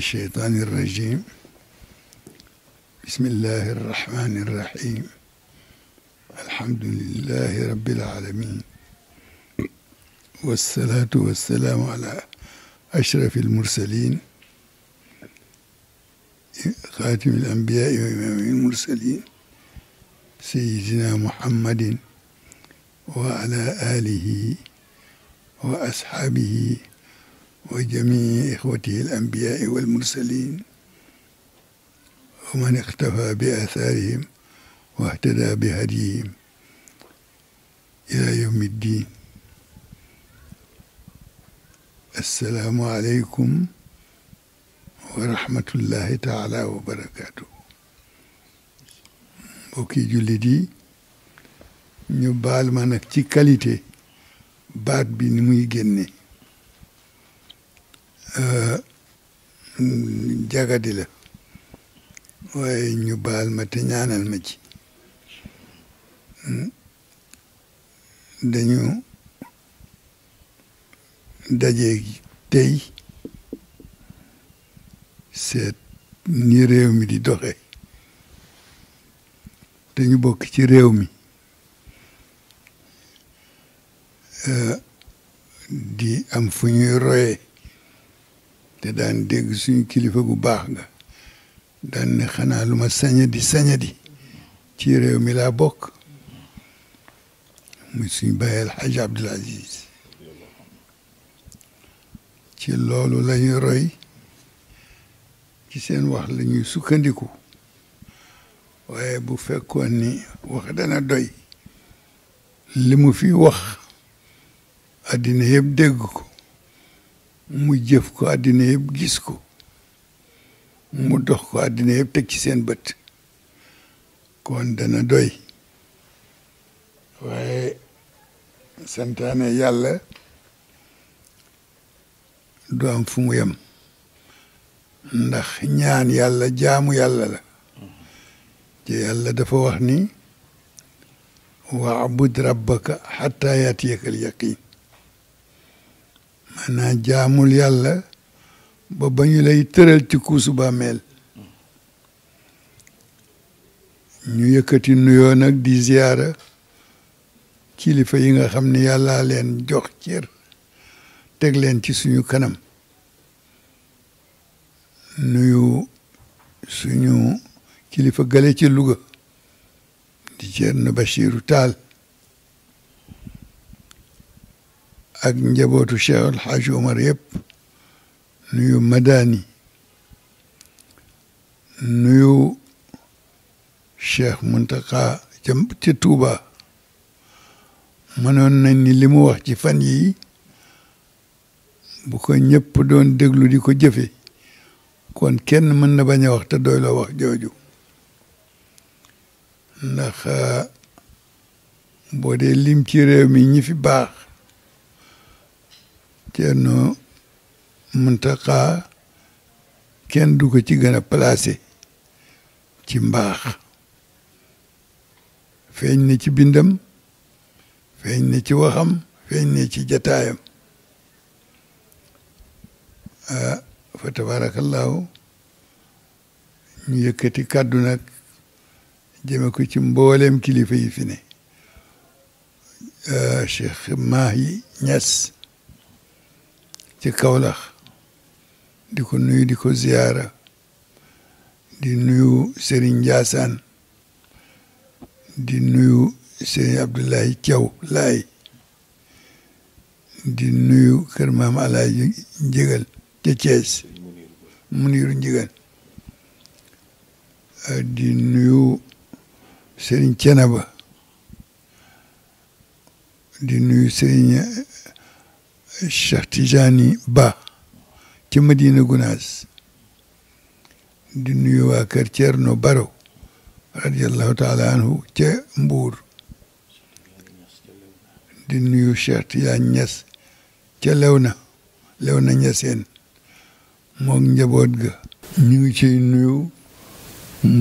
الشيطان الرجيم بسم الله الرحمن الرحيم الحمد لله رب العالمين والصلاة والسلام على أشرف المرسلين خاتم الأنبياء وإمام المرسلين سيدنا محمد وعلى آله وأصحابه وجميع إخوته الأنبياء والمرسلين ومن اقتفى بآثارهم واهتدى بهديهم إلى يوم الدين السلام عليكم ورحمة الله تعالى وبركاته mbokki jullit yi ñu baal ma nag ci qualité baat bi ni muy génne Euh, jagadi la waaye ñu baal ma te ñaanal ma ji hmm? dañu dajee tey seet ni réew mi di doxe te ñu bokk ci réew mi euh, di am fu ñuy roye te daan dégg suñu kilifa gu baax nga daan ne xanaa lu ma saña di ci réew mi laa bokk mu suñu bàyyi alxaj Abdul ci loolu la roy ci seen wax la sukkandiku waaye bu fekkoon ni wax dana doy li mu fi wax addina yëpp dégg ko mu jëf ko àddina yëpp gis ko mu dox ko àddina yëpp teg ci seen bët kon dana doy waaye santaane yàlla du am fu mu yem ndax ñaan yàlla jaamu yàlla la te yàlla dafa wax ni wa abud rabbaka hatta yatiyakal yaqin maanaam jaamul yàlla ba ba ñu lay tëral ci kuusu bàmmeel ñu yëkkati nuyoo nag di ziyaara kilifa yi nga xam ne yàllaa leen jox cër teg leen ci suñu kanam nuyu suñu kilifa gale ci Louga di Thierno Bachirou Tall ak njabootu Cheikh El Hadj Omar yëpp nuyu Madani nuyu Cheikh Muntaka ca ca Touba mënoon na ni limu mu wax ci fan yi bu ko ñëpp doon déglu di ko jëfe kon kenn mën na bañ a wax te doy loo wax jooju ndax boo dee lim ci réew mi ñi fi baax Ceerno Muntaxa kenn du ko ci gën a placé ci mbaax feeñ na ci bindam feeñ na ci waxam feeñ na ci jataayam ah fa tabaarakallaahu ñu yëkkati kàddu nag jëme ko ci mbooleem kilifa yi fi ne ah, Cheikh Mahi Niass ci Kaolack di ko nuyu di ko ziyaara di nuyu Serigne Ndiassane di nuyu Serigne Abdoulaye Thiaw Laye di nuyu kër maam Alaaji Njëgal ca Thiès Muniru Njëgal ah, di nuyu Serigne Thiénaba di nuyu Serigne Cheikh Tijani Ba ci Madina Gunaas di nuyu waa kër Thierno Baro radiallahu taala anhu ca Mbuur di nuyu Cheikh Tijani Ñas ca Lewna Lewna Ñaseen moog njaboot ga ñu ngi ciy nuyu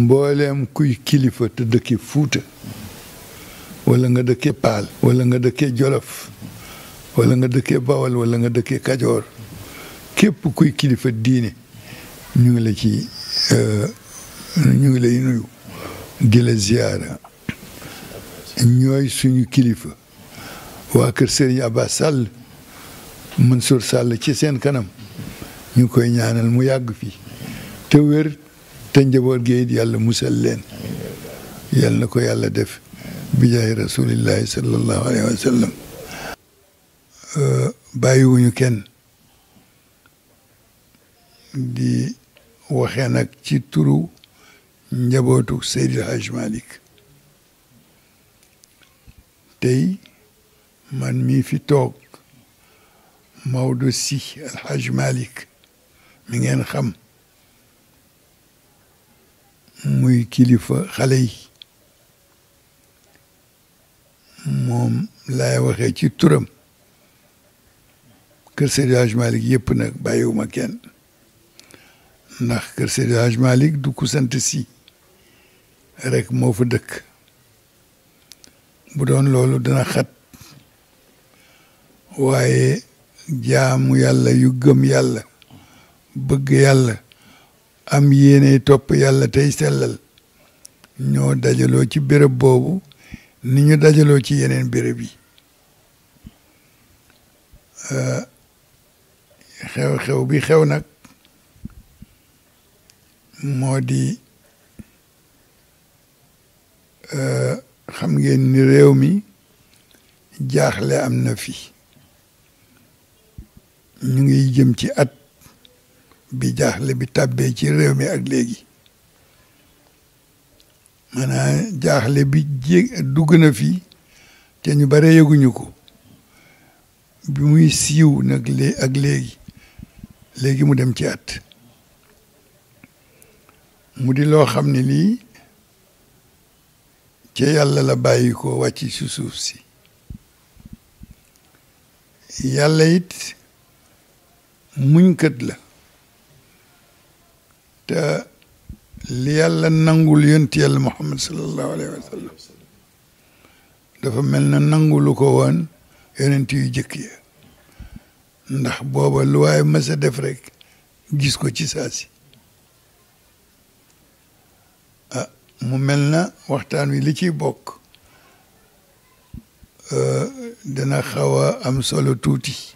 mbooleem kuy kilifa te dëkke Fuuta wala nga dëkke Paal wala nga dëkke Jolof walla nga dëkkee bawal wala nga dëkkee Kajoor képp kuy kilifa diine ñu ngi la ci euh, ñu ngi lay nuyu di la ziyaara ñooy suñu kilifa waa kër Serigne Abbas Sall Mansour Sall ci seen kanam ñu koy ñaanal mu yàgg fi te wér te njaboot gi it yàlla musal leen yàlla na ko yàlla def bijaahi rasulillahi sallallahu alayhi wa sallam Euh, bàyyiwuñu kenn di waxe nag ci turu njabootu Seydil Hadj Malick tey man mii fi toog Maodo Sy Al Hadj Malick mi ngeen xam muy kilifa xale yi moom laay waxee ci turam kër Seydi Hadj Malick yëpp nag bàyyiwuma kenn ndax kër Seydi Hadj du ku sant si rek moo fa dëkk bu doon loolu dana xat waaye jaamu yàlla yu gëm yàlla bëgg yàlla am yéene topp yàlla tey sellal ñoo dajaloo ci béréb boobu ni ñu dajaloo ci yeneen béréb yi euh, xew-xew bi xew nag moo di euh, xam ngeen ni réew mi jaaxle am na fi ñu ngi jëm ci at bi jaaxle bi tàbbee ci réew mi ak léegi maanaam jaaxle bi jé dugg na fi te ñu bare yeguñu ko bi muy siiw nag lé ak léegi léegi mu dem ci at mu di loo xam ne lii ce yàlla la bàyyi ko wàcc ci suuf si yàlla it muñkat la te li yàlla nangul yonent yàlla Muhammad sallallahu alayhi wa sallam dafa mel na nangulu ko woon yonent yu jëkk ndax booba lu waaye def rek gis ko ci saa si ah, mu mel na waxtaan wi li ciy bokk euh, dana xaw a am solo tuuti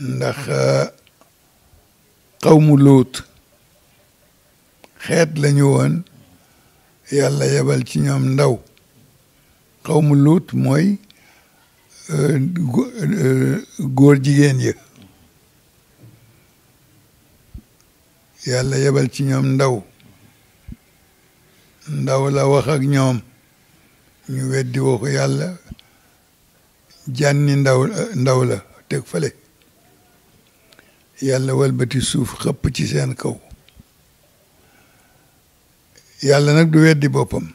ndax xaw mu luut xeet la ñu woon yàlla yebal ci ñoom ndaw xaw mu luut mooy góor jigéen ya yàlla yebal ci ñoom ndaw ndaw la wax ak ñoom ñu weddi waxu yàlla jànni ndaw ndaw la teg fale yàlla walbati suuf xëpp ci seen kaw yàlla nag du weddi boppam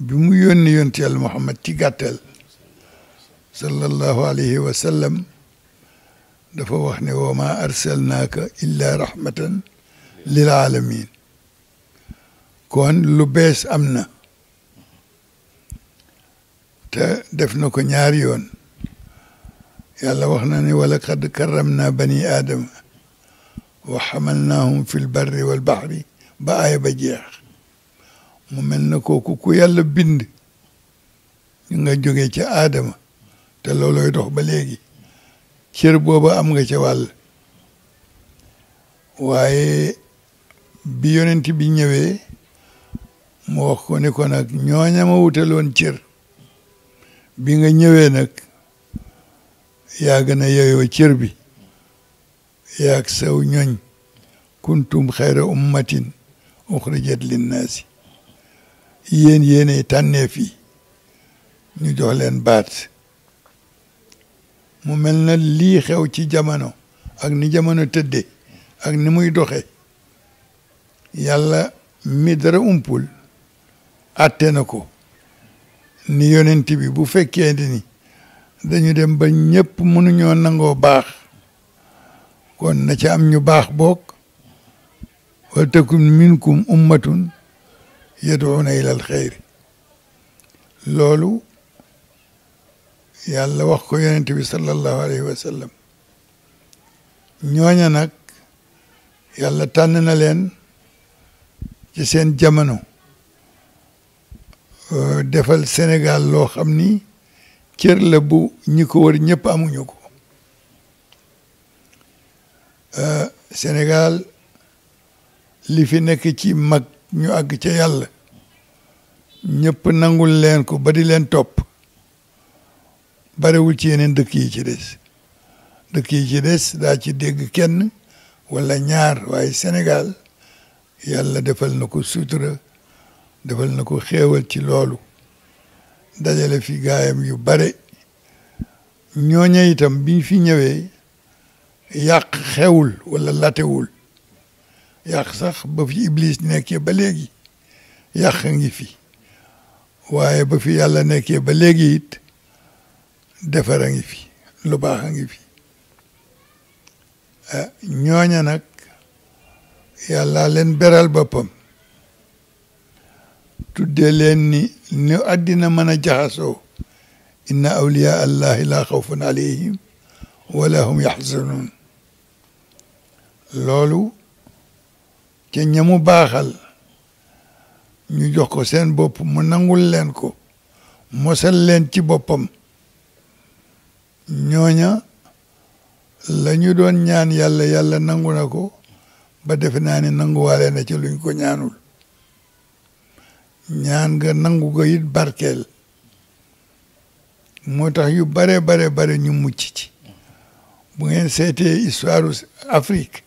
bi mu yónni yonti yàlla Muhammad ci gàttal sallallahu alayhi wa sallam dafa wax ne wa ma arsalnaaka illa rahmatan lil alamin kon lu bees am na te def na ko ñaari yoon yàlla wax na ne wala qad karramna bani aadama wa xamalnaahum fi lbarri walbaxri ba aaya ba jeex mu mel na ko ku yàlla bind ñu nga jógee ci aadama te looloy dox ba léegi cër booba am nga ca wàll waaye bi yonent bi ñëwee mu wax ko ni ko nag ñooña ma wutaloon cër bi nga ñëwee nag yaa gën a yeyoo cër bi yaag saw ñooñ kuntum xayra ummatin uxrijat linnaasi yéen yéenay tànneef yi ñu jox baat mu mel na lii xew ci jamono ak ni jamono tëdde ak ni muy doxe yàlla mi dara umpul atte na ko ni yonent bi bu fekkee ni dañu dem ba ñépp mënuñoo nangoo baax kon na ci am ñu baax boog wal takum minkum ummatun yaduuna ilal xeyri loolu yàlla wax ko yonent bi sallallahu alayhi wa ñooña nag yàlla tànn na leen ci seen jamono defal senegal loo xam ni cër la bu ñi ko wër ñëpp amuñu ko senegal li fi nekk ci mag ñu àgg ca yàlla ñëpp nangul leen ko ba di leen topp barewul ci yeneen dëkk yi ci des dëkk yi ci des daa ci dégg kenn wala ñaar waaye Sénégal yàlla defal na ko sutura defal na ko xéewal ci loolu dajale fi gaayam yu bare ñooña itam biñ fi ñëwee yàq xewul wala latewul yàq sax ba fi iblis nekkee ba léegi yàq ngi fi waaye ba fi yàlla nekkee ba léegi defara ngi fi lu baax a ngi fi ah, ñooña nag yàlla leen beral boppam tuddee leen ni ni addina mën a jaxasoo inna awliya allahi laa xawfun alayhim wala hum yaxzanuun loolu ca ñamu baaxal ñu jox ko seen bopp mu nangul leen ko mosal leen ci boppam ñooña la ñu doon ñaan yàlla yàlla nangu na ko ba defe naa ne nanguwaale na ci luñ ko ñaanul ñaan nga nangu ko it barkeel moo tax yu bare bare bare ñu mucc ci bu ngeen seetee histoire Afrique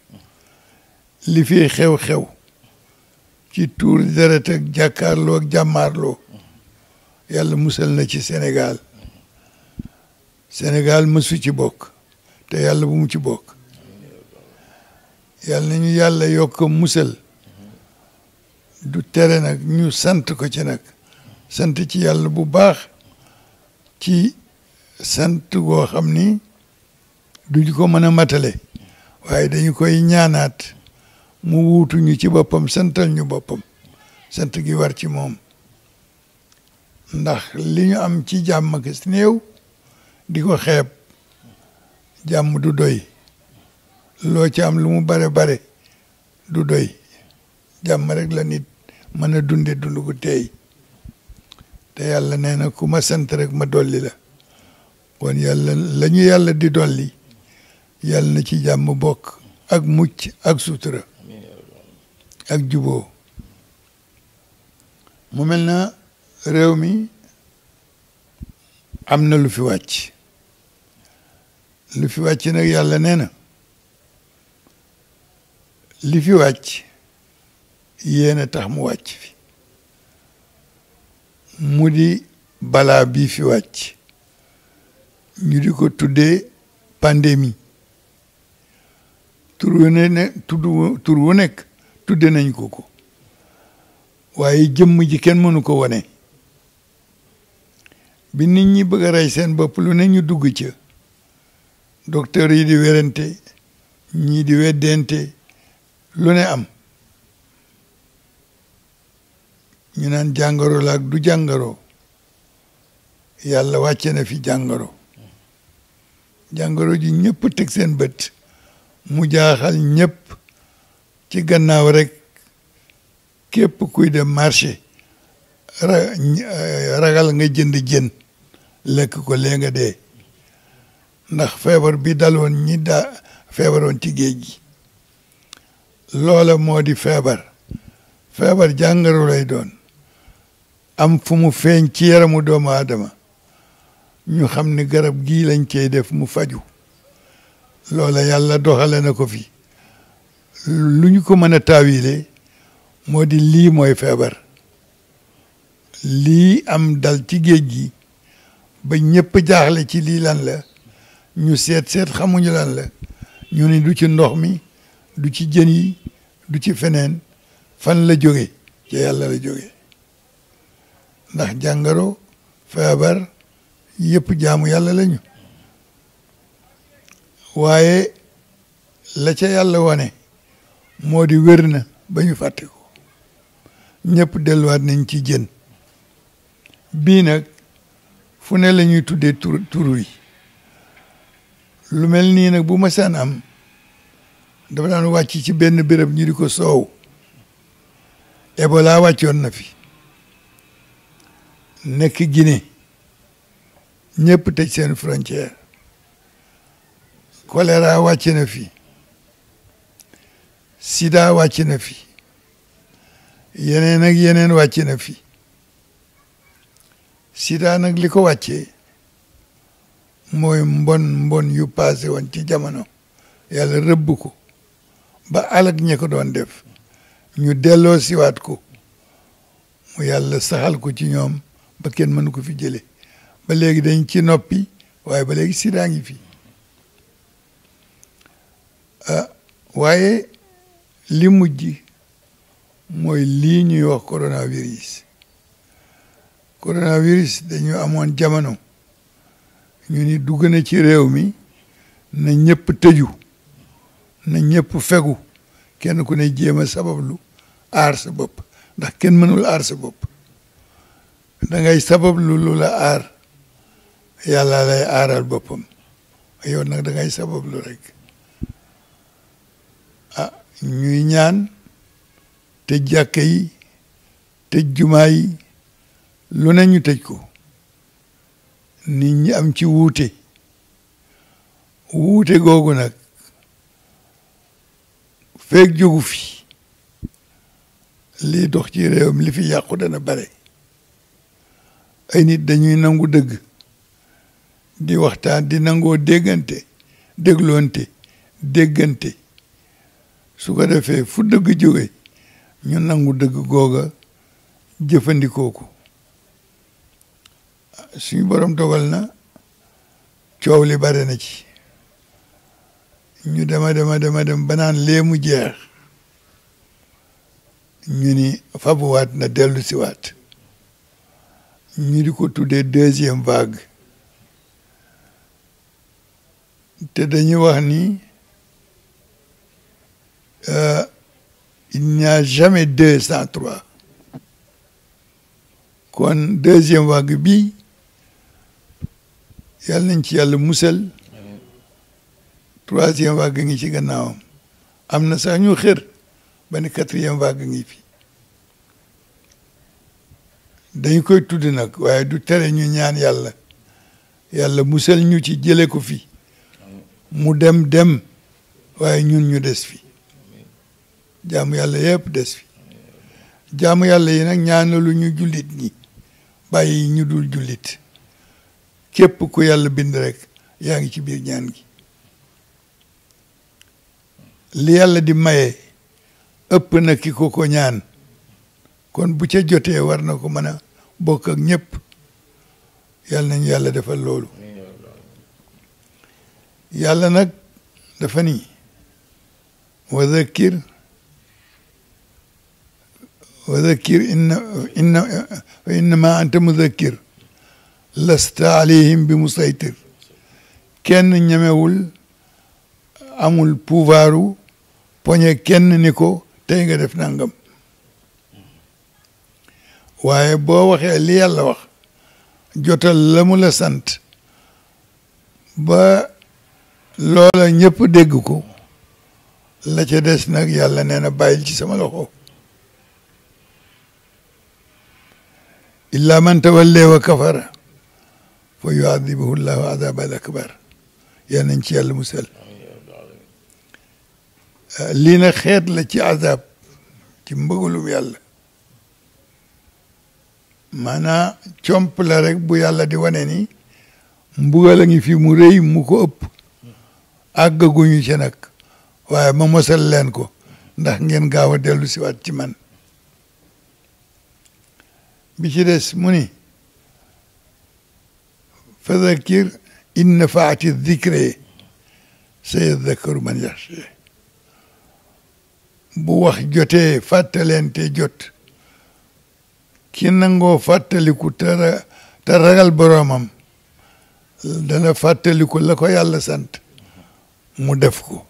li fi xew-xew ci tuur deret ak jàkkaarloo ak jàmmaarloo yàlla musal na ci Sénégal senegal mësu ci bokk te yàlla bu mu ci bokk yàlla nañu yàlla yokk musal du tere nag ñu sant ko ci nag sant ci yàlla bu baax ci sant goo xam ni duñu ko mën a matale waaye dañu koy ñaanaat mu wuutu ñu ci boppam santal ñu boppam sant gi war ci moom ndax li ñu am ci jàmm ak néew di ko xeeb jàmm du doy loo ci am lu mu bare bare du doy jàmm rek la nit mën na dunde dund gu teey te yàlla nee na ku ma sant rek ma dolli la kon yàlla la ñu yàlla di dolli yàlla na ci jàmm bokk ak mucc ak sutura ak juboo mu mel na réew mi am na lu fi wàcc lu fi wàcc nag yàlla nee na li fi wàcc yéen a tax mu wàcc fi mu di balaa bii fi wàcc ñu di ko tuddee pandémie tur wu nekk tudde nañ ko ko waaye jëmm ji kenn mënu ko wane bi nit ñi bëgg a rey seen bopp lu ne ñu dugg ca docteur yi di werante ñii di weddente lu ne am ñu naan jàngoro la ak du jàngoro yàlla wàcce na fi jàngoro jàngoro ji ñépp teg seen bët mu jaaxal ñépp ci gannaaw rekk képp kuy dem marché ragal nga jënd jén lekk ko lee nga ndax feebar bi daloon ñi daa feebaroon ci géej gi loola moo di feebar feebar jàngoro lay doon am fu mu feeñ ci yaramu doomu aadama ñu xam ni garab gii lañ cey def mu faju loola yàlla doxale na ko fi lu ñu ko mën a taawile moo di lii mooy feebar lii am dal ci géej gi ba ñëpp jaaxle ci lii lan la ñu seet seet xamuñu lan la ñu ne du ci ndox mi du ci jën du ci feneen fan la jóge ci yàlla la jóge ndax jàngoro feebar yëpp jaamu yàlla lañu waaye la ca yàlla wane moo di wér na ba ñu fàtte ko ñëpp delluwaat nañ ci jën bii nag fu ne la ñuy tuddee tur turu yi lu mel nii nag bu masaan am dafa daan wàcc ci benn béréb ñu di ko soow Ebola wàccoon na fi nekk Guinée ñépp tëj seen frontière choléra wàcce na fi sida wàcc na fi yeneen ak yeneen wàcc na fi sida nag li ko wàccee mooy mbon mbon yu paase woon ci jamono yàlla rëbb ko ba alak ñi ko doon def ñu delloo siwaat ko mu yàlla saxal ko ci ñoom ba kenn mënu ko fi jële ba léegi dañ ci noppi waaye ba léegi sida ngi fi ah, waaye li mujj mooy lii ñuy wax coronavirus coronavirus dañu amoon jamono ñu ni dugg na ci réew mi na ñëpp tëju na ñëpp fegu kenn ku ne jéem a sabablu ar sa bopp ndax kenn mënul aar sa bopp dangay ngay sabablu lu la aar yàlla lay aaral boppam yow nag da ngay sabablu rek ñuy ñaan tëj jàkka yi tëj jumaa yi lu ne ñu tëj ko ni ñi am ci wuute wuute googu nag feeg jógu lii dox ci réewam li fi yàqu dana bare ay nit dañuy nangu dëgg di waxtaan di nangoo déggante dégloonte déggante su ko defee fu dëgg jóge ñu nangu dëgg googa jëfandikoo ko suñu borom dogal na coow li bare na ci ñu dema dema dema dem banaan léemu jeex ñu ni fabuwaat na dellu siwaat ñu di ko tuddee deuxième vague te dañuy wax ni euh, il n'y a jamais deux sans trois kon deuxième vague bi yàlla nañ ci yàlla musal troisième vague ngi ci gannaawam am na sax ñu xër ba ne quatrième vague ngi fi dañ koy tudd nag waaye du tere ñu ñaan yàlla yàlla musel ñu ci jële ko fi mu dem dem waaye ñun ñu des fi jaamu yàlla yëpp des fi jaamu yàlla yi nag ñaanalu ñu jullit ñi bàyyi ñu dul jullit képp ku yàlla bind rek yaa ngi ci biir ñaan gi li yàlla di maye ëpp na ki ko ko ñaan kon bu ca jotee war na ko mën a bokk ak ñëpp yàlla nañu yàlla defal loolu yàlla nag dafa ni wa zakkir wa dhakkir inna inna wa innama anta mudakkir lasta alayhim bi musaytir kenn ñemewul amul pouvoiru poñe kenn ni ko tey nga def nangam waaye boo waxee li yàlla wax jotal la mu sant ba loola ñëpp dégg ko la ce des nag yàlla nee na bàyyil ci sama loxo illa man tawalla wa kafara fa yuadibuhu llahu adabal akbar yal nañ ci yàlla musal lii na xeet la ci azab ci mbëggalum yàlla maanaam comp la rek bu yàlla di wane ni mbugal a ngi fi mu rëy mu ko ëpp àggaguñu waaye ma mosal leen ko ndax ngeen gaaw a dellu siwaat ci man bi ci des mu ni fa dakkir in nafaati dikre sa yadakkaru man yaxshe bu wax jotee fàttalente jot ki nangoo fàttaliku te ragal boroomam dana fàttaliku la ko yàlla sant mu def ko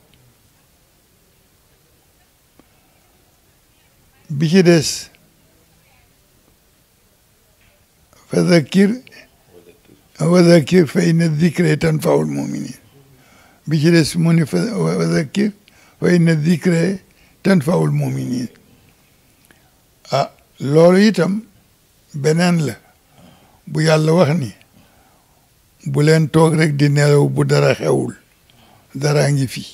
bi ci des fa zakkir wa zakkir fa inna zikra bi ci des mu ni fa wa zakkir fa inna zikra tanfaul loolu itam beneen la bu yàlla wax ni bu leen toog rek di nelaw bu dara xewul daraa ngi fi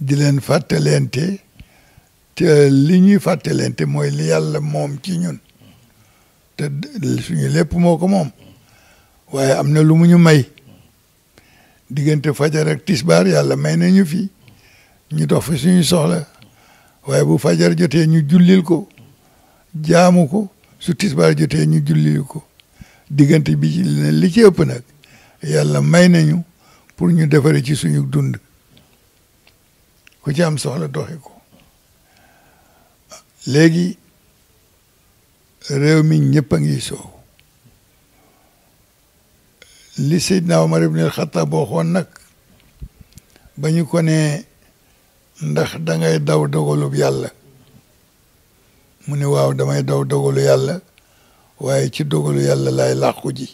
di leen fàttalente te li ñuy fàttalente mooy li yàlla moom ci ñun te suñu lépp moo ko moom waaye am na lu mu ñu may diggante fajar tisbaar yàlla may na ñu fi ñu dox fi suñu soxla waaye bu fajar jotee ñu jullil ko jaamu ko su tisbaar jotee ñu jullil ko diggante bi li ci ëpp nag yàlla may nañu pour ñu defare ci suñu dund ku ci am soxla doxi ko léegi réew mi ñëpp a ngi soow li Seydina Omar ibn al-Khattab boo xoon nag ba ñu ko ne ndax dangay ngay daw dogalub yàlla mu ne waaw damay daw dogalu yàlla waaye ci dogalu yàlla lay làqu ji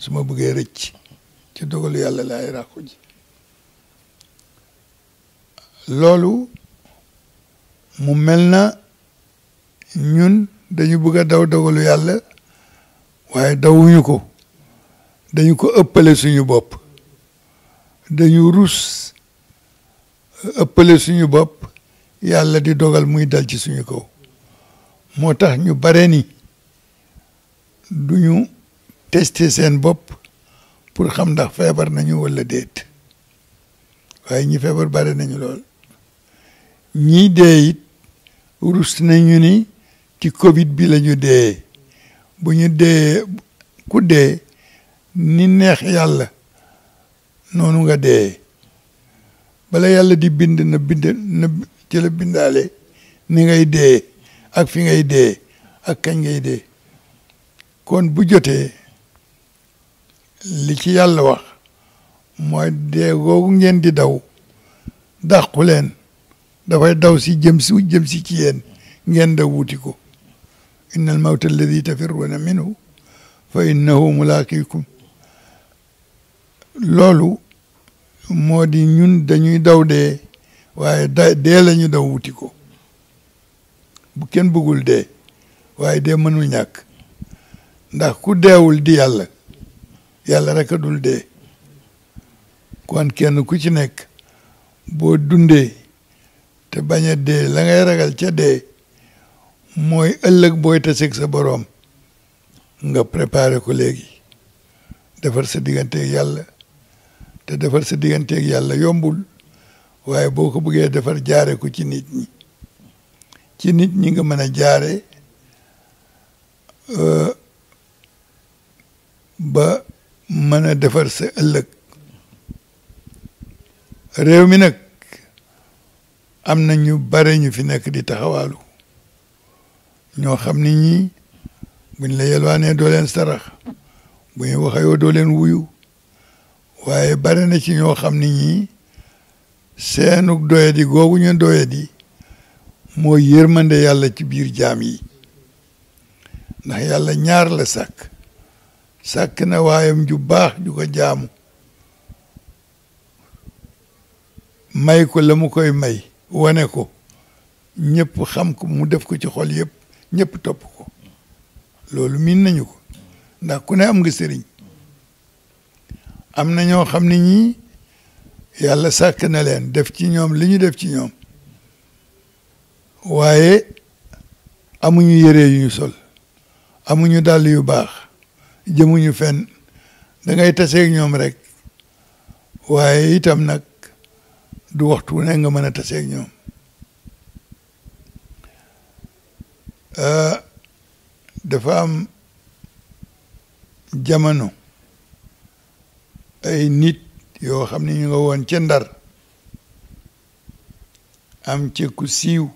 su ma buggee rëcc ci dogalu yàlla laay làqu loolu mu mel na ñun dañu bëgg a daw dogalu yàlla waaye dawuñu ko dañu ko ëppale suñu bopp dañu rus ëppale suñu bopp yàlla di dogal muy dal ci suñu kaw moo tax ñu bare ni duñu tester seen bopp pour xam ndax feebar nañu walla déet waaye ñi feebar bare nañu lool ñii dee it rus nañu ni ci Covid bi la dee bu ñu dee ku dee ni neex yàlla noonu nga dee bala yàlla di bind na bind na ci la bindaale ni ngay dee ak fi ngay dee ak kañ ngay dee kon bu jotee li ci yàlla wax mooy dee googu ngeen di daw dàqu leen dafay daw si jëm si jëm si ci yéen ngeen da wuuti ko inna almawta alladi tafirruuna minhu fa innahu mulaaqiikum loolu moo di ñun dañuy daw dee waaye da dee la daw wuti ko kenn bëggul dee waaye dee mënul ñàkk ndax ku deewul di yàlla yàlla rek a dul dee kon kenn ku ci nekk boo dundee te bañ a dee la ngay ragal dee mooy ëllëg booy taseeg sa boroom nga préparé ko léegi defar sa digganteeg yàlla te defar sa digganteeg yàlla yombul waaye boo ko bëggee defar jaare ko ci nit ñi ci nit ñi nga mën a jaare euh, ba mën a defar sa ëllëg réew mi nag am na ñu bare ñu fi nekk di taxawaalu ñoo xam ni ñii buñ la yelwaanee doo leen sarax bu ñu waxayoo doo wuyu waaye bare na ci ñoo xam ni ñii seenug doyadi googu ñu doyadi moo yërmande yàlla ci biir jaam yi ndax yàlla ñaar la sàkk sàkk na waayam ju baax ju ko jaamu may ko la mu koy may wane ko ñëpp xam ko mu def ko ci xol yëpp ñëpp topp ko loolu miin nañu ko ndax ku ne am nga sëriñ am na ñoo xam ne ñii yàlla sàkk na leen def ci ñoom li ñu def ci ñoom waaye amuñu yére yu ñu sol amuñu dàll yu baax jëmuñu fenn da ngay taseeg ñoom rek waaye itam nag du waxtu ne nga mën a taseeg ñoom Euh, dafa am jamono ay nit yoo xam ne ñu nga woon am ci ku siiw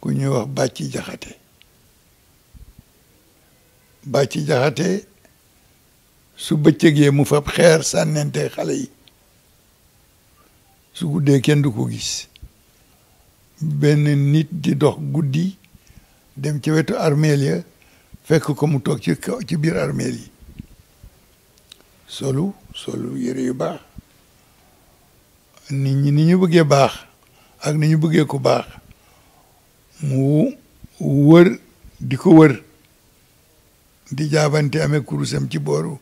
ku ñu wax bàcci jaxate bàcci jaxate su bëccëgee mu fab xeer sànnente xale yi su kenn du ko gis benn nit di dox guddi dem ci wetu armeel ya fekk ko mu toog ci biir armeel yi solu solu yëre yu baax nit ñi ni ñu bëggee baax ak ni ñu bëggee ku baax mu wër di ko wër di jaabante amee kurusam ci booru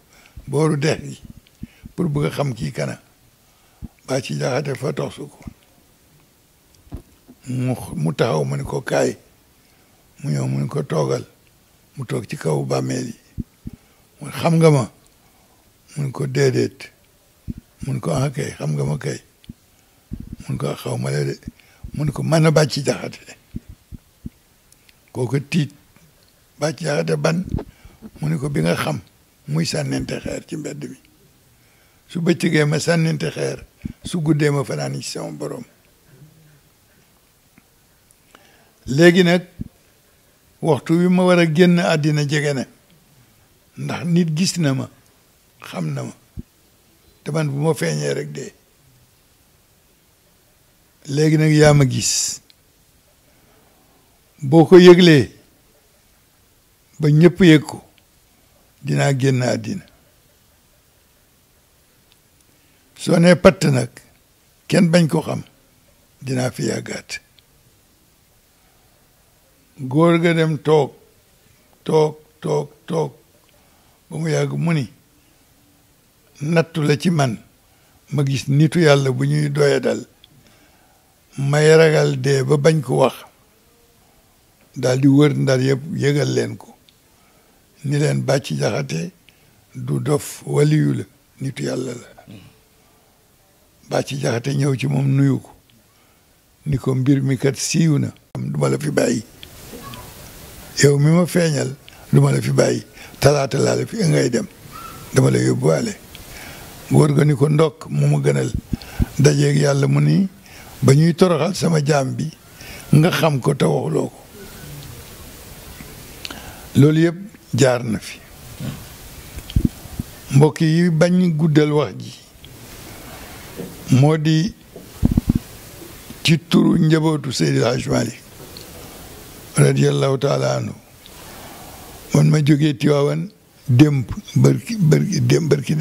booru dex gi pour bëgg a xam kii kana baa ci jaaxate fa tox su ko mu taxaw ma ne ko kaay mu ñëw mu ko toogal mu toog ci kaw bàmmeel yi mu xam nga ma mun ko déedéet mun ko ah kay xam nga ma kay mun ko ah, xaw ma la de mun ko mën a bàcc jaxate kooku tiit bàcc jaxate ban mu ni ko bi nga xam muy sànnente xeer ci mbedd mi su bëccëgee ma sànnente xeer su guddee ma fanaan ci sama borom léegi waxtu wi ma war a génn àddina jege na ndax nit gis na ma xam na ma te man bu ma feeñee rek dee léegi na yaa ma gis boo ko yëglee ba ñëpp yëg ko dinaa génn àddina soo nee patt nag kenn bañ ko xam dinaa fi yàggaat góor ga dem toog toog toog toog ba mu yàgg mu ni nattu la ci man ma gis nitu yàlla bu ñuy doya dal may ragal dee ba bañ ko wax daal di wër ndar yëpp yëgal leen ko ni leen bàcc jaxate du dof waliyu la nitu yàlla la bàcc jaxate ñëw ci moom nuyu ko ni ko mbir mi kat siiw na am duma la fi bàyyi yow mi ma feeñal du ma la fi bàyyi talaata laa la fi ngay dem dama la yóbbuwaale góor ga ni ko ndokk mu ma gënal dajeeg yàlla mu ni ba ñuy toroxal sama jaam bi nga xam ko te waxuloo ko loolu yëpp jaar na fi mbokk yi bañ guddal wax ji moo di ci turu njabootu Seydi El Hadji Malick radiallahu taala anhu man ma jógee Tiwaawan démb barki barki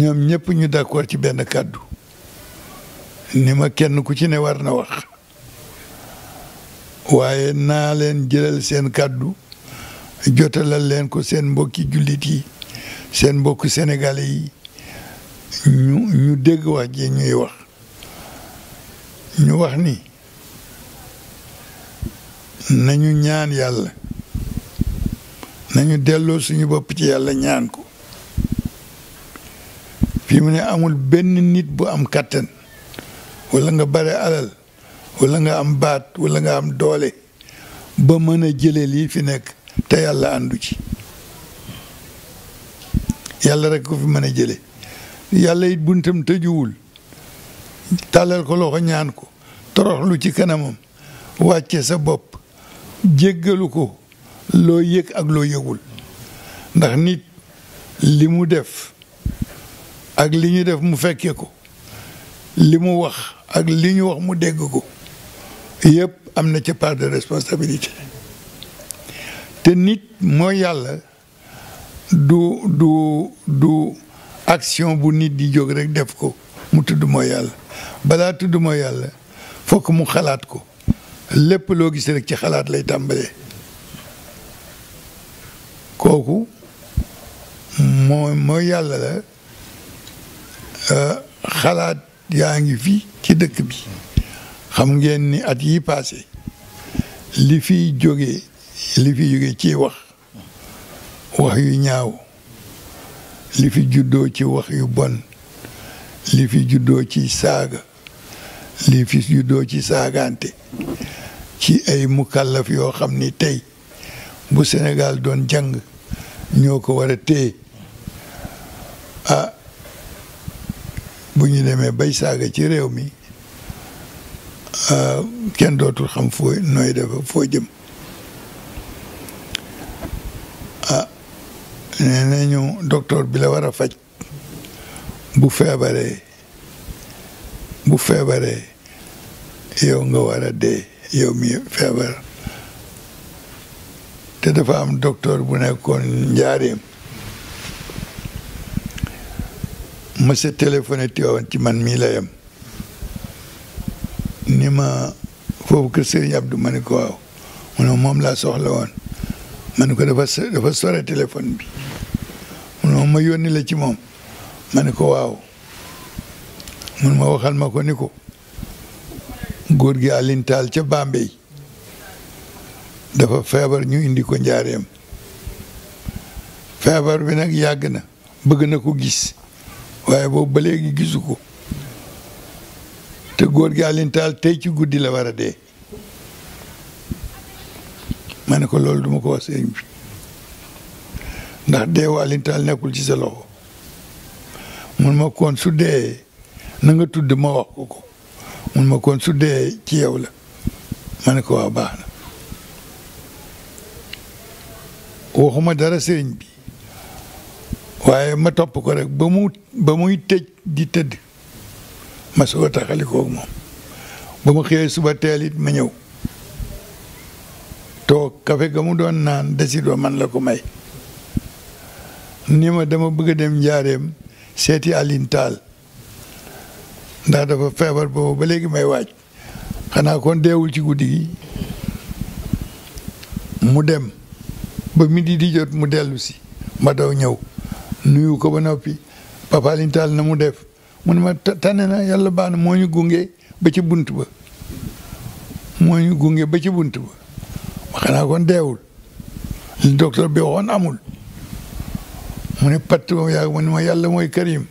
ñoom ñëpp ñu d'accord ci benn kàddu ni ma kenn ku ci ne war na wax waaye naa leen jëlal seen kàddu jotalal leen ko seen mbokki jullit yi seen mbokk sénégalais yi ñu ñu dégg wax ji ñuy wax ñu wax ni nañu ñaan yàlla nañu delloo suñu bopp ci yàlla ñaan ko fii mu ne amul benn nit bu am kàttan wala nga bare alal wala nga am baat wala nga am doole ba mën a jëlee lii fi nekk te yàlla àndu ci yàlla rekk ko fi mën a jële yàlla it buntam tëjuwul tàllal ko loxo ñaan ko toroxlu ci kanamam wàcce sa bopp jéggalu ko loo yëg ak loo yëgul ndax nit li mu def ak li ñu def mu fekke ko li mu wax ak li ñu wax mu dégg ko yëpp am na ci part de responsabilité te nit mooy yàlla du du du action bu nit di jóg rek def ko mu tudd mooy yàlla balaa tudd mooy yàlla fokk mu xalaat ko lépp loo gis rek ci xalaat lay tàmbalee kooku moo mooy yàlla la euh, xalaat yaa ngi fi ci dëkk bi xam ngeen ni at yi paase li fi jógee li fi jógee ci wax wax yu ñaaw li fi juddoo ci wax yu bon li fi juddoo ci saaga lii fi juddoo ci saagaante ci ay mukallaf yoo xam ni tey bu senegal doon jàng ñoo ko war a téye ah, bu ñu demee bay saaga ci réew mi ah, kenn dootul xam foo nooy defa foo jëm a ah, nee nañu docteur bi la war a faj bu feebaree bu feebaree yow nga war dee yow mi feebar te dafa am docteur bu nekkoon njaareem mësa téléphoné tiwaawan ci man mii la yem ni ma foofu kër Sëriñ Abdou ma ko waaw mu ne moom laa soxla woon ma ko dafa sore téléphone bi mu ne ma yónni la ci moom ma ko waaw mun ma waxal ma ko ni ko góor gi alintaal ca baam Bambey dafa feebar ñu indi ko njaareem feebar bi nag yàgg na bëgg na ko gis waaye boobu ba léegi gisu ko te góor gi alintaal tey ci guddi la war a dee ma ne ko loolu duma ko wax sëriñ bi ndax deewu alintaal nekkul ci sa loxo mun ma koon su dee na nga tudd ma wax ko ko mun ma kon su dee ci yow la ma ne ko waa baax na waxuma dara sëriñ bi waaye ma topp ko rek ba mu ba muy tëj di tëdd ma soo taxalikoo moom ba mu xëyee suba teel it ma ñëw too kafe ga mu doon naan desidoo man la ko may ni ma dama bëgg a dem njaareem seeti Aline ndax dafa feebar boobu ba léegi may waaj xanaa kon deewul ci guddi gi mu dem ba midi di jot mu dellusi ma daw ñëw nuyu ko ba noppi papa liñ taal na mu def mu ne ma tane na yàlla baan na moo ñu gunge ba ci bunt ba moo gunge ba ci bunt ba ma xanaa kon deewul li amul mu ne patt ba mu yàgg mu ne ma yàlla mooy karim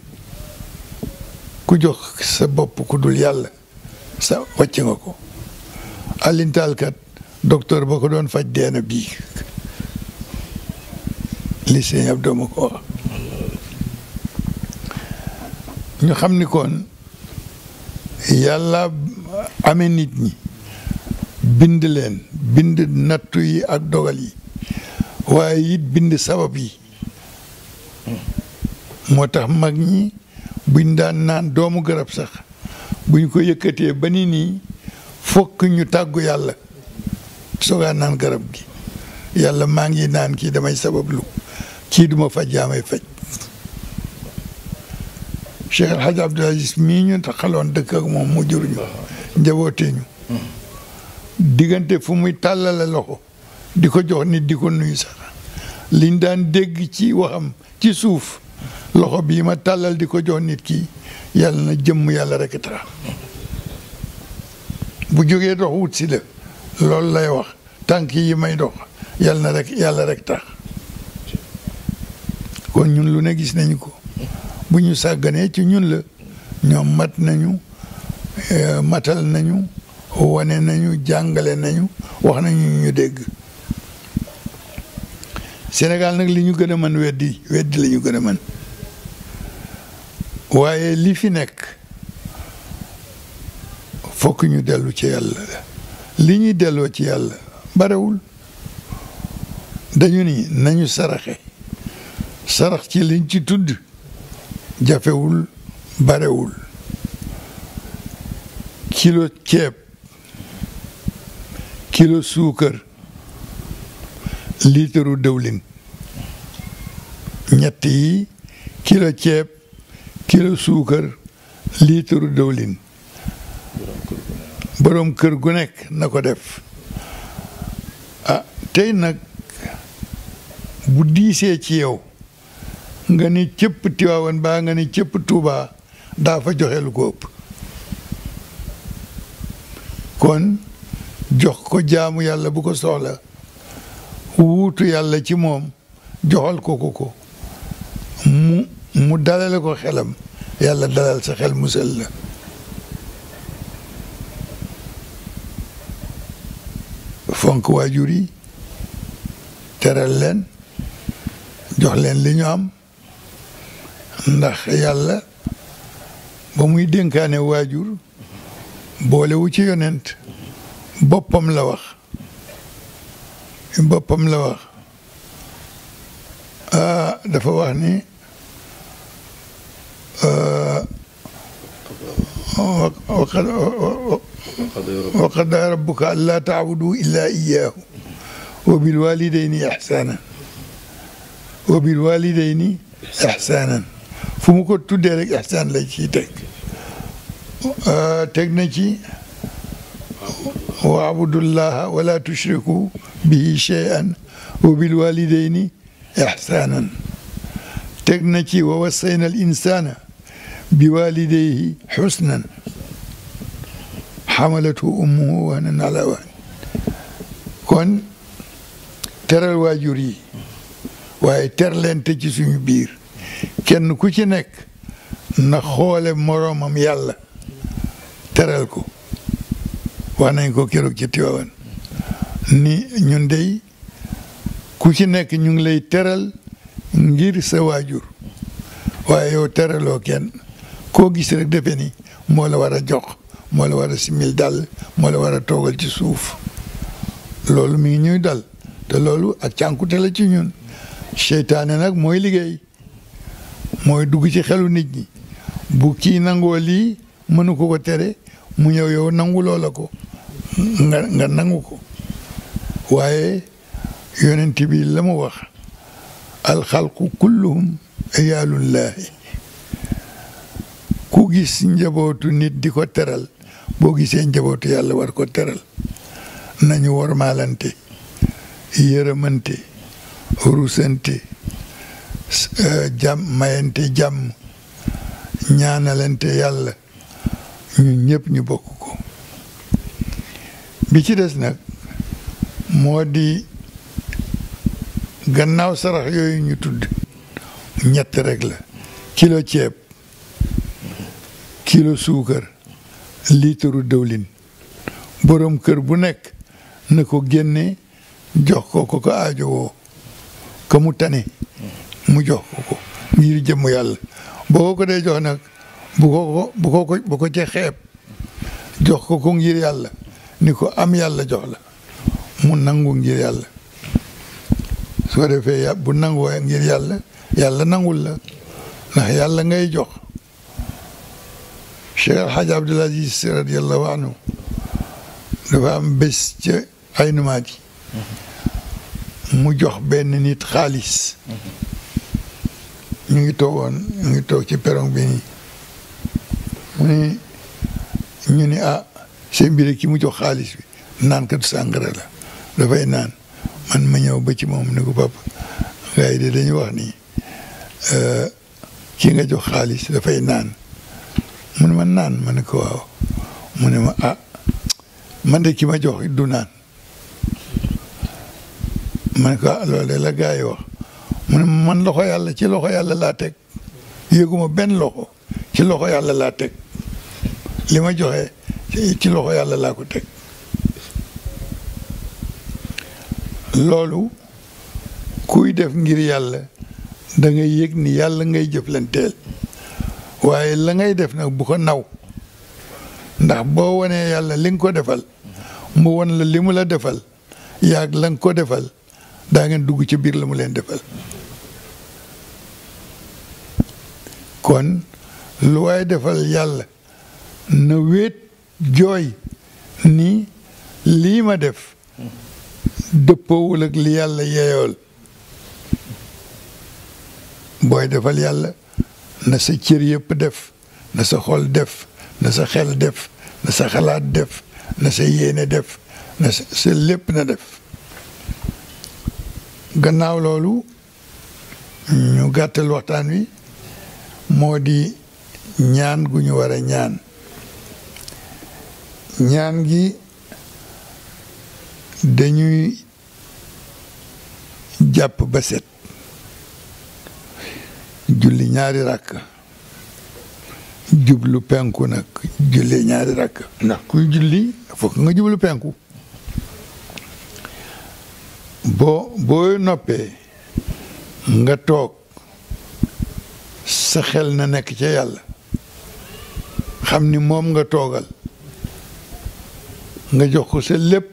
ku jox sa bopp ku dul yàlla sa wàcc nga ko alintaalkat docteur ba ko doon faj deena bii li sëñ ab dooma ko wax ñu xam ni kon yàlla ame nit ñi bind leen bind nattu yi ak dogal yi waaye it bind sabab yi moo tax mag ñi buñ daan naan doomu garab sax bu ñu ko yëkkatee ba ni nii fokk ñu tàggu yàlla soogaa naan garab gi yàlla maa ngi naan kii damay sabablu kii duma faj jaamay faj Cheikh El Hadj Abdoul Aziz mii ñu taxaloon dëkk moom mu jur ñu njabootee ñu diggante fu muy tàllale loxo di ko jox nit di ko nuyu sax liñ daan dégg ci waxam ci suuf loxo bii ma tàllal di ko jox nit ki yàlla na jëmm yàlla rek tax bu jógee dox wut si la loolu lay wax tànk yi may dox yàlla na rek yàlla rek tax kon ñun lu ne gis nañu ko bu ñu sàgganee ci ñun la ñoom mat nañu eh, matal nañu wane nañu jàngale nañu wax nañu ñu dégg Sénégal nag li ñu gën a mën weddi weddi la ñu gën a mën waaye li fi nekk fokk ñu dellu ci yàlla li ñuy delloo ci yàlla barewul dañu ni nañu saraxe sarax ci liñ ci tudd jafewul barewul kilo ceeb kilo suukar liitaru dëwlin ñett yi kilo ceeb kilo suukar liitaru dëwlin boroom kër gu nekk na ko def ah, tey nag bu diisee ci yow nga ni cëpp Tiwaawan baa nga ne cépp Tuubaa daa fa joxe lu ko ëpp kon jox ko jaamu yàlla bu ko soxla wuutu yàlla ci moom joxal ko ko ko mu dalale ko xelam yàlla dalal sa xel musal la fonk waajur yi teral leen jox leen li ñu am ndax yàlla ba muy dénkaane waajur boolewu ci yonent boppam la wax ci boppam la wax ah dafa wax ni ah, wa qadaa rabbuka allaa taabudu illaa iyyaahu wa bil waalidayni ihsaanan wa bil waalidayni ihsaanan fu mu ko tuddee rek ihsaan la ci teg ah, teg na ci wa abudullaha wala tushriku bihi shay'an wa bil walidayni ihsanan teg na ci wa wassayna al insana bi walidayhi husnan xamalatu ummuhu wahnan ala wahn kon teral waajur yi waaye terlente ci suñu biir kenn ku ci nekk na xoole moroomam yàlla teral ko wax nañ ko keroog ci Tiwaawan ni ñun dey ku ci nekk ñu ngi lay teral ngir sa waajur waaye yow teraloo kenn koo gis rek defe ni moo la war a jox moo war a simil dal moo la war a toogal ci suuf loolu mi ngi ñuy dal te loolu ak cànkute la ci ñun seytaane nag mooy liggéey mooy dugg ci xelu nit ñi bu kii nangoo lii mënu ko ko tere mu ñëw yow nangu loola ko nga nga nangu ko waaye yonent bi la mu wax alxalqu kulluhum ayaalullaahi ku gis njabootu nit di ko teral boo gisee njabootu yàlla war ko teral nañu wormaalante yërëmante rusante euh, jàmm mayante jàmm ñaanalante yàlla ñun ñëpp ñu bokk ko bi ci des nag moo di gannaaw sarax yooyu ñu tudd ñett rek la kilo ceeb kilo suukar liitaru dëwlin borom kër bu nekk na ko génne jox ko ko ko aajowoo ka mu tane mu jox ko ko ngir jëmm yàlla boo ko ko dee jox nag bu ko ko bu ko ko xeeb jox ko ko ngir yàlla ni ko am yàlla jox la mu nangu ngir yàlla su defee bu nangoo ngir yàlla yàlla nangul la ndax yàlla ngay jox Cheikh El Hadj radiallahu anhu dafa am bés ca ay numaat mu jox benn nit xaalis ñu ngi toogoon ñu ngi toog ci perong bi nii mu ni ñu ni ah seen mbir ki mu jox xaalis bi naan kat sàngara la dafay naan man ma ñëw ba ci moom ni ko papa gars dañuy wax nii euh, kii nga jox xaalis dafay naan mu ne ma naan ma ne ko waaw ne ma ah, man de ki ma jox du naan man ne ko ah la gars wax man loxo yàlla ci loxo yàlla laa teg yëguma benn loxo ci loxo yàlla laa teg li ma joxe ci loxo yàlla laa ko teg loolu kuy def ngir yàlla da ngay yëg ni yàlla ngay jëflanteel waaye la ngay def na bu ko naw ndax boo wanee yàlla li nga ko defal mu won la li mu la defal yaag la nga ko defal daa dugg ci biir la mu leen defal kon lu defal yàlla na wéet jooy ni lii ma def dëppoowul ak li yàlla yeeyool booy defal yàlla na sa cër yëpp def na sa xol def na sa xel def na sa xalaat def na sa yéene def na sa lépp na def gannaaw loolu ñu gàttal waxtaan wi moo di ñaan gu ñu war a ñaan ñaan gi dañuy jàpp ba set julli ñaari rakk jublu penku nag julli ñaari rakk ndax kuy julli fokk nga jublu penku boo boo noppee nga toog sa xel na nekk ca yàlla xam ni moom nga toogal nga jox ko sa lépp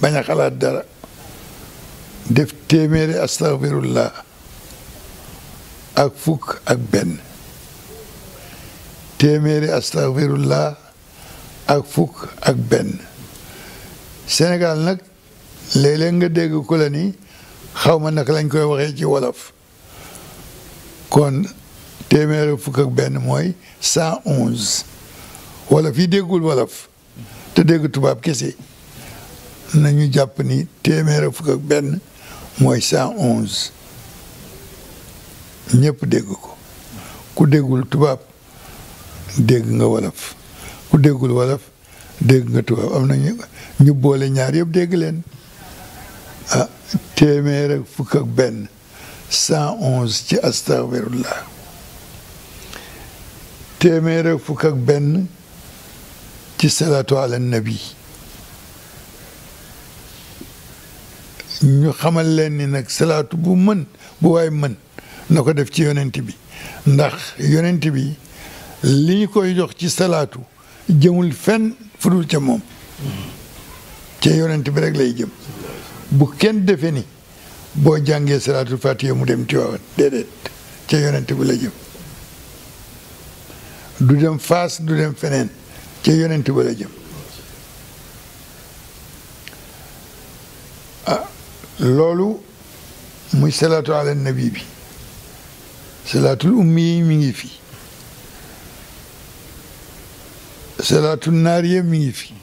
bañ a xalaat dara def téeméeri astaghfirullah ak fukk ak benn téeméeri astaghfirullah ak fuk ak benn senegal nag léeg-léeg nga dégg ku la ni xaw ma naka lañ koy waxee ci wolof kon téeméeri fukk ak benn mooy cent onze wolof yi déggul wolof te dégg tubaab kese nañu jàpp ni téeméeri fukk ak benn mooy cent onze ñëpp dégg ko ku déggul tubaab dégg nga wolof ku déggul wolof dégg nga tubaab am na ñu boole ñaar yëpp dégg leen ah téeméer ak cent onze ci astaghfirullah téeméer ak fukk ci salatu ala nabi ñu xamal leen ni nag salaatu bu mën bu waay mën na ko def ci yonent bi ndax yonent bi li ñu koy jox ci salaatu jëmul fenn fu dul ca moom ca yonent bi rek lay jëm bu kenn defe ni boo jàngee salaatul fatiha mu dem Tiwaawan déedéet ca yonent bi la jëm du dem fas du dem feneen ca yonent bi la jëm loolu muy salaatu ala nabi bi salaatul ummi yi mi ngi fi salaatul naariya mi ngi fi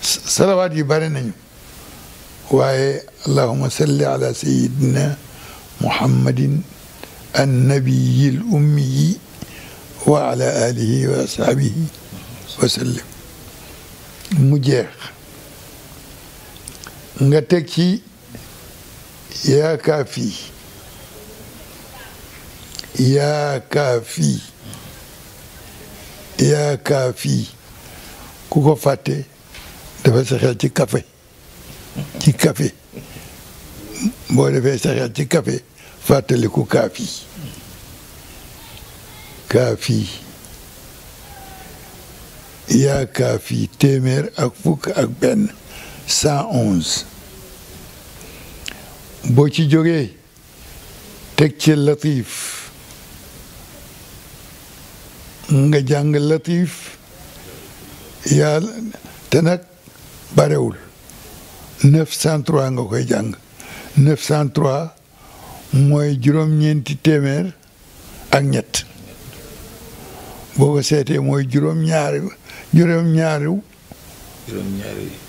salawaat yi bare nañu waaye allahuma salli ala sayidina muhammadin annabiyil ummiyi wa ala mu jeex nga teg ci yaa kaafi yaa kaafi yaa kaafi ku ko fàtte dafa sa xel ci café ci café boo defee xel ci café fàttaliku kaafi kaafi yaa kaafi téeméer ak fukk ak benn cent onze boo ci jógee teg ci latif nga jàng latif yaa te nag barewul 903 nga koy jàng 903 mooy juróom-ñeenti téeméer ak ñett boo ko seetee mooy juróom-ñaari juróom-ñaaru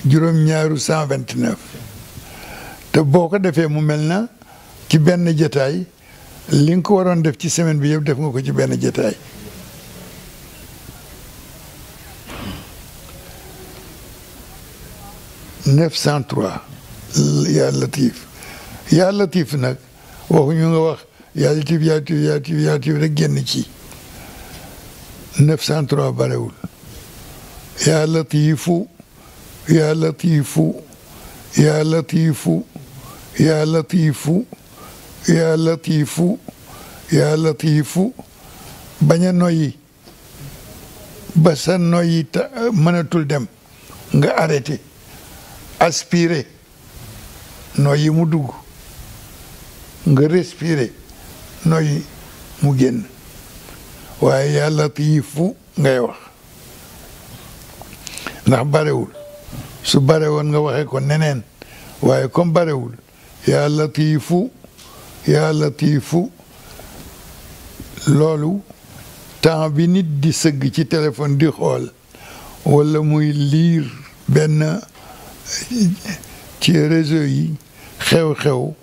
juróom-ñaaru te boo ko defee mu mel na ci benn jataay li nga ko waroon def ci semaine bi yëpp def nga ko ci benn jataay neuf cent trois yaa latif yaa latif nag waxuñu nga wax yaa latif yaa latif yaa latif yaa latif rek génn ci neuf cent trois barewul yaa yaa latiifu yaa fu yaa latiifu bañ a noyyi ba sa noyyi ta mënatul dem nga arrêté aspire noyyi mu dugg nga respiré noyyi mu génn waaye yaa latiifu ngay wax ndax barewul su barewoon nga waxee ko neneen waaye comme barewul yaa tiifu yaa latiifu loolu temps bi nit di sëgg ci téléphone di xool walla muy liir benn ci réseau yi xew-xew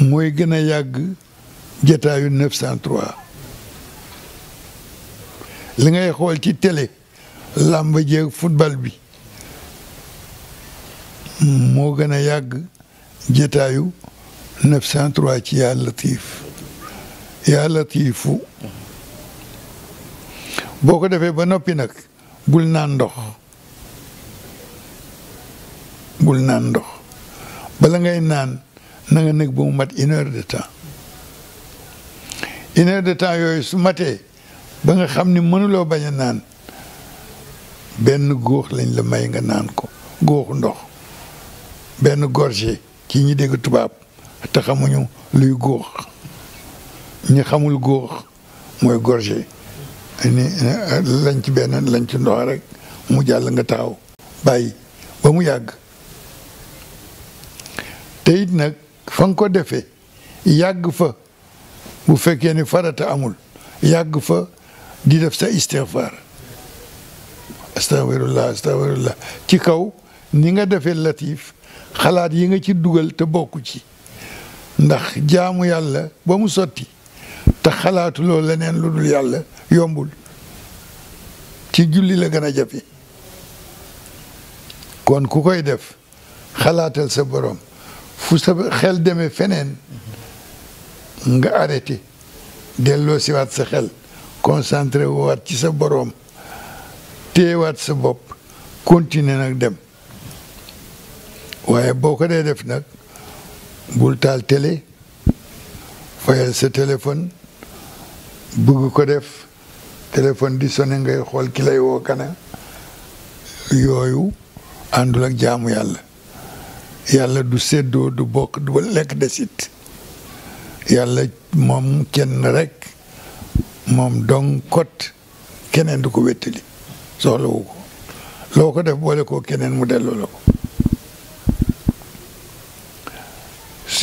mooy gën a yàgg jataayu 903 li ngay xool ci télé làmb jeeg football bi moo gën a yàgg jitaayu 903 ci yàlla latiif yàlla latiifu boo ko defee ba noppi nag bul naan ndox bul naan ndox bala ngay naan na nga nekk ba mu mat une heure de temps une de temps yooyu su matee ba nga xam ni mënuloo bañ a naan benn góox lañ la may nga naan ko góoxu ndox benn gorgée ci ñi dégg tubaab te xamuñu luy góox ñi xamul góox mooy gorgé ni lañ ci benn lañ ci ndox rek mu jàll nga taxaw bàyyi ba mu yàgg te it nag fa nga ko defee yàgg fa bu fekkee ni farata amul yàgg fa di def sa istighfar astaghfirullah astaghfirullah ci kaw ni nga defee latif xalaat yi nga ci dugal te bokku ci ndax jaamu yàlla ba mu sotti te xalaatuloo leneen lu dul yàlla yombul ci julli la gën a jafe kon ku koy def xalaatal sa borom fu sa xel demee feneen nga arrêté delloo siwaat sa xel concentré waat ci sa borom téewaat sa bopp continuer nag dem waaye boo ko dee def nag bul taal télé fayal sa téléphone bëgg ko def téléphone di sone ngay xool ki lay woo kana yooyu àndul ak jaamu yàlla yàlla du séddoo du bokk du lekk desit yàlla moom kenn rek moom dong kot keneen du ko wettali soxlawu ko loo ko def boole koo keneen mu delloo la ko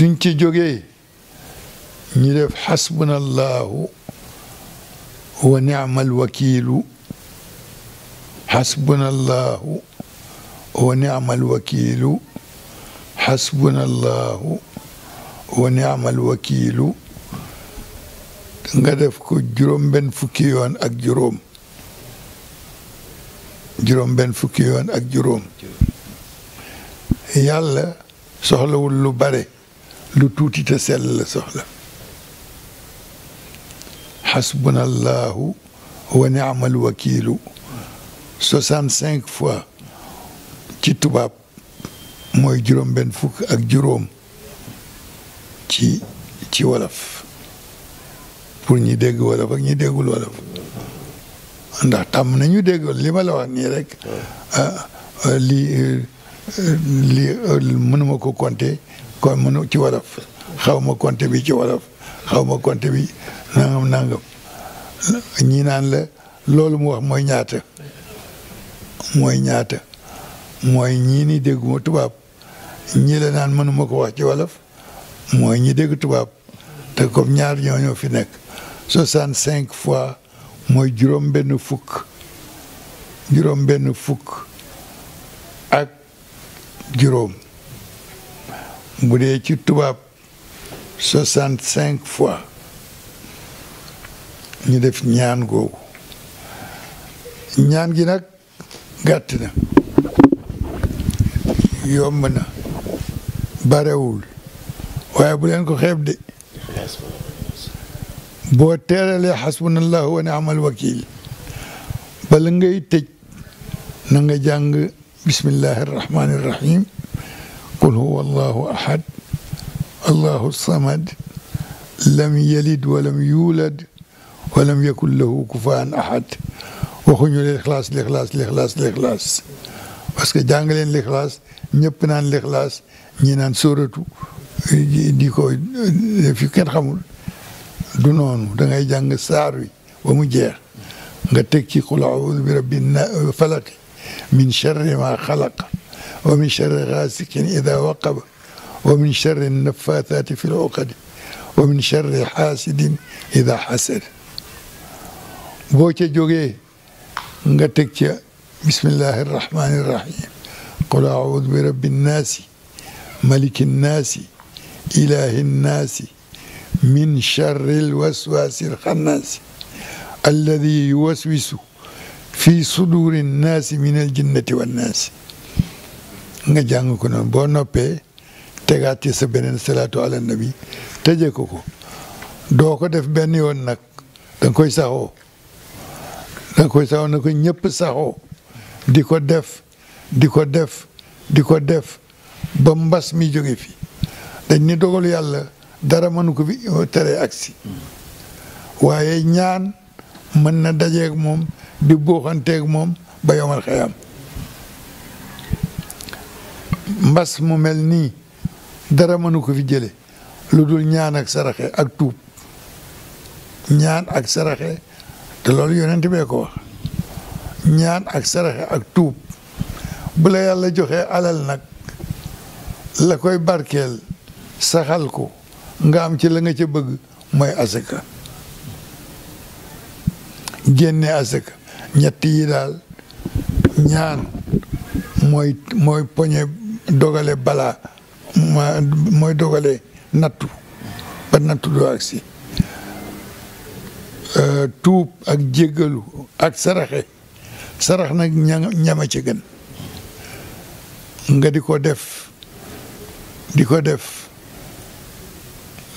suñ ci jógee ñu def xasbuna allahu wa ni'mal wakiilu xasbuna allahu wa ni'mal wakiilu xasbuna allahu wa ni'mal wakiilu nga def ko juróom benn fukki yoon ak juróom juróom benn fukki yoon ak juróom yàlla soxlawul lu bare lu tuuti te sell la soxla xasbunallahu wa niamal wakiilu soixante-cinq fois ci tubaab mooy juróom benn fukk ak juróom ci ci wolof pour ñi dégg wolof ak ñi déggul wolof ndax tàmm nañu dégg li ma la wax nii rek li li mënuma ko compter kon mënu ci wolof xaw ma compte bi ci wolof xaw ma compte bi nangam nangam ñi naan la loolu mu wax mooy ñaata mooy ñaata mooy ñii ni dégguma tubaab ñi le naan mënuma ko wax ci wolof mooy ñi dégg tubaab te comme ñaar ñoo ñoo fi nekk soixante cinq fois mooy juróom benn fukk juróom benn fukk ak juróom bu dee ci tubaab soixante cinq fois ñu def ñaan googu ñaan gi nag gàtt na yomb na barewul waaye bu leen ko xeeb de boo teeralee xasbunallahu wa ni'mal wakiil bal ngay tëj na nga jàng bismillahi rahmaani rahim qul huwa allahu ahad allahu samad lam yalid walam yuulad walam yakun lahu kufaan ahad waxuñu lixlaas lixlaas lixlaas lixlaas parce que jàngaleen lixlaas ñëpp naan lixlaas ñi naan sóoratu di ko fi kenn xamul du noonu da ngay jàng saar wi ba mu jeex nga teg ci qul audu bi rabbi falaq min charri ma xalaq wa min charri gaasikin ida waqaba wa min charri nafaathaati fi l uqadi wa min charri xaasidin ida xasad boo ca jógee nga teg ca bismillahi irrahmani irrahim qul audu bi rabbi nnaasi maliki nnaasi ilahi nnaasi min charri lwaswaasi lxannaasi alladi yuwaswisu fi suduri nnaasi min aljinnati wannaasi nga jàng ko noonu boo noppee tegaat sa beneen salaatu ala nabi tëjee ko ko doo ko def benn yoon nag da koy saxoo da koy saxoo na ko ñëpp saxoo di ko def di ko def di ko def ba mbas mi jóge fi dañ ni dogalu yàlla dara mënu ko fi tere agsi waaye ñaan mën na dajeeg moom di buuxanteeg moom ba yomal xëyam mbas mu mel nii dara mënu ko fi jële lu dul ñaan ak saraxe ak tuub ñaan ak saraxe te loolu yonent bee ko ñaan ak saraxe ak tuub bula la yàlla joxee alal nag la koy barkeel saxal ko nga am ci la nga ca bëgg mooy asaka génne asaka ñett yi ñaan moy mooy poñe dogale bala mooy dogale nattu ba nattu doo si euh, tuub ak jéggalu ak saraxe sarax nag ñama ci nga di ko def di ko def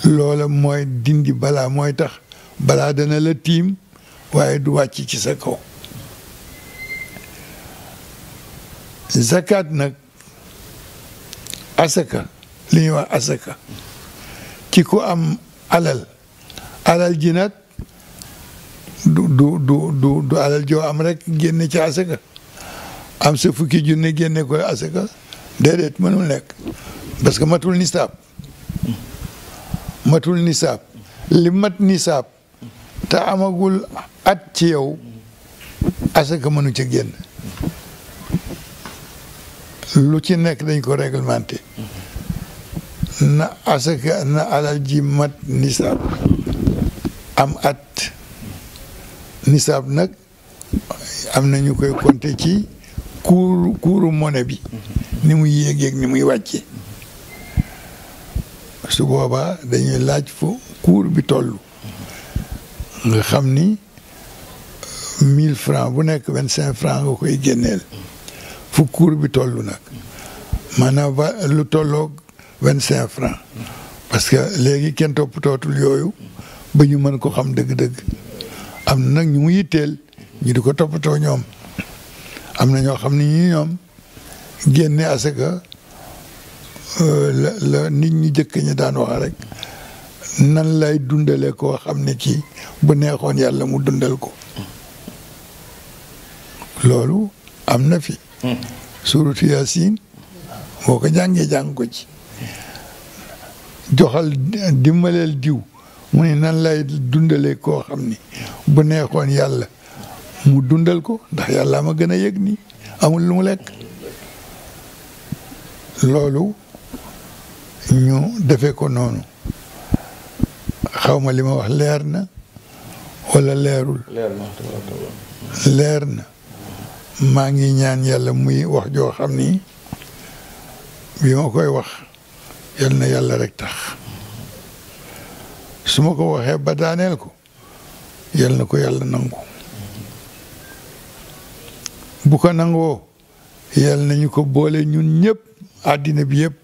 loola mooy dindi balaa mooy tax balaa dana la tiim waaye du wàcc ci sa kaw zakat nag asaka li ñuy wax asaka ki ku am alal alal ji nag du du du du alal joo am rek génne ci asaka am sa fukki junne génne ko asaka déedéet mënul nekk parce que matul nisab matul nisab li mat nisaab te amagul at ci yow asaka mënu ca génn lu ci nekk dañ ko réglementé na asaka na alal ji mat nisaab am at nisaab nag am na ñu koy compter ci kuuru kuuru monnaie bi ni muy yéegeeg ni muy wàcce su boobaa dañuy laaj fu kuur bi toll nga xam ni mille francs bu nekk vingt cinq francs nga koy génneel fu cours bi tollu nag maanaam lu tollook vingt cinq francs parce que léegi kenn toppatootul yooyu ba ñu mën ko xam dëgg-dëgg am na nag ñu mu yitteel ñu di ko toppatoo ñoom am na ñoo xam ne ñi ñoom génne asaka euh, la la nit ñi jëkk ñi daan rek nan lay dundale koo xam ne kii bu neexoon yàlla mu dundal ko loolu am na fi suuratu yaasin boo ko jàngee jàng ko ci joxal dimbaleel diw mu ni nan lay dundalee koo xam ni bu neexoon yàlla mu dundal ko ndax yàlla ma gën a yëg nii amul lu mu lekk loolu ñu defe ko noonu xaw ma li ma wax leer na wala leerul leer na maa ngi ñaan yàlla muy wax joo xam ni bi ma koy wax yal na yàlla rek tax su ma ko waxee ba daaneel ko yal na ko yàlla nangu bu ko nangoo yal nañu ko boole ñun ñëpp àddina bi yëpp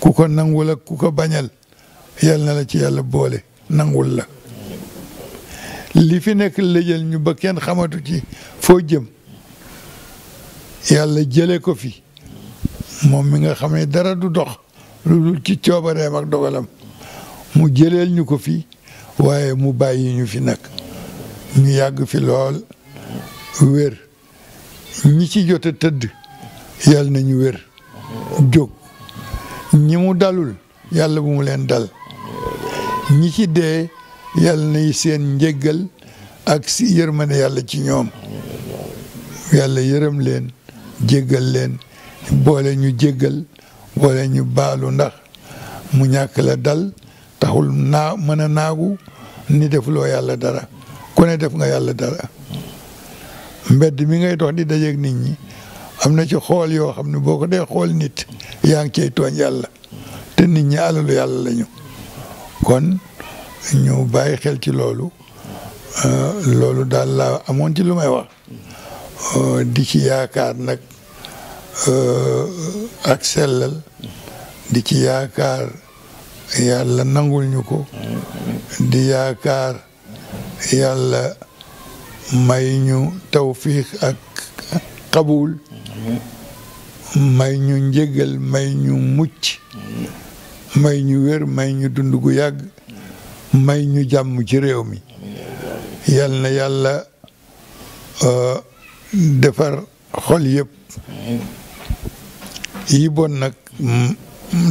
ku ko nangul ak ku ko bañal yal na la ci yàlla boole nangul la li fi nekk la jël ñu ba kenn xamatu ci foo jëm yàlla jële ko fi moom mi nga xamee dara du dox lu dul ci coobareem ak dogalam mu jëleel ñu ko fi waaye mu bàyyi ñu fi nag ñu yàgg fi lool wér ñi ci jot a tëdd na ñu wér jóg ñi mu dalul yàlla bu mu leen dal ñi ci dee yàlla nay seen njéggal ak si yërmande yàlla ci ñoom yàlla yërëm leen jéggal leen boole ñu jéggal boole ñu baalu ndax mu ñàkk la dal taxul naa mën a naagu ni defuloo yàlla dara ku ne def nga yàlla dara mbedd mi ngay dox di dajeeg nit ñi am na ci xool yoo xam ne boo ko dee xool nit yaa ngi cay tooñ yàlla te nit ñi alalu yàlla lañu kon ñu bàyyi xel ci loolu euh, loolu daal laa amoon ci lu may wax euh, di ci yaakaar nag euh, ak sellal di ci yaakaar yàlla nangul ñu ko di yaakaar yàlla may ñu tawfiix ak xabul may ñu njëgal may ñu mucc may ñu wér may ñu dund gu yàgg may ñu jàmm ci réew mi yal na yàlla euh, defar xol yëpp yi bon nag mm,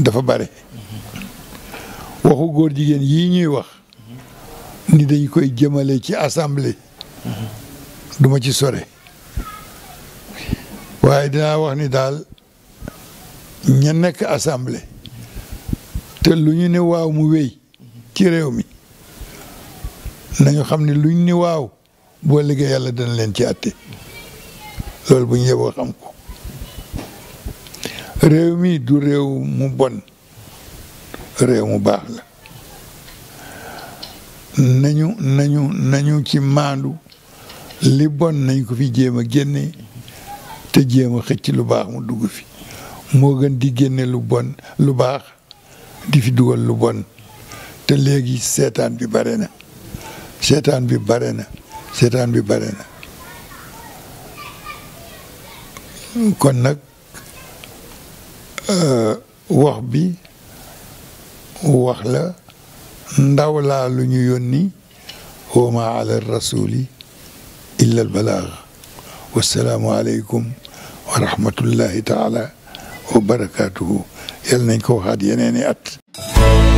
dafa bare waxu góor jigéen yi ñuy wax ni dañ koy jëmale ci assemblée duma ci sore waaye dinaa wax ni daal ña nekk assemblée te lu ñu ne waaw mu wéy ci réew mi nañu xam ne luñ ni waaw boo liggéey yàlla dana leen ci àtte loolu bu ñu yeboo xam ko réew mi du réew mu bon réew mu baax la nañu nañu nañu ci maandu li bon nañ ko fi jéem a génne te jéem a xëcc lu baax mu dugg fi moo gën di génne lu bon lu baax di fi dugal lu bon te léegi seetaan bi bare na seetaan bi bare na seetaan bi bare na kon nag euh, wax bi wax la ndaw laa lu ñu yónni wa ma ala rasuli illa al balaag wasalaamu aleykum wa rahmatullahi taala wa barakaatuhu yal nañ ko waxaat yeneeni at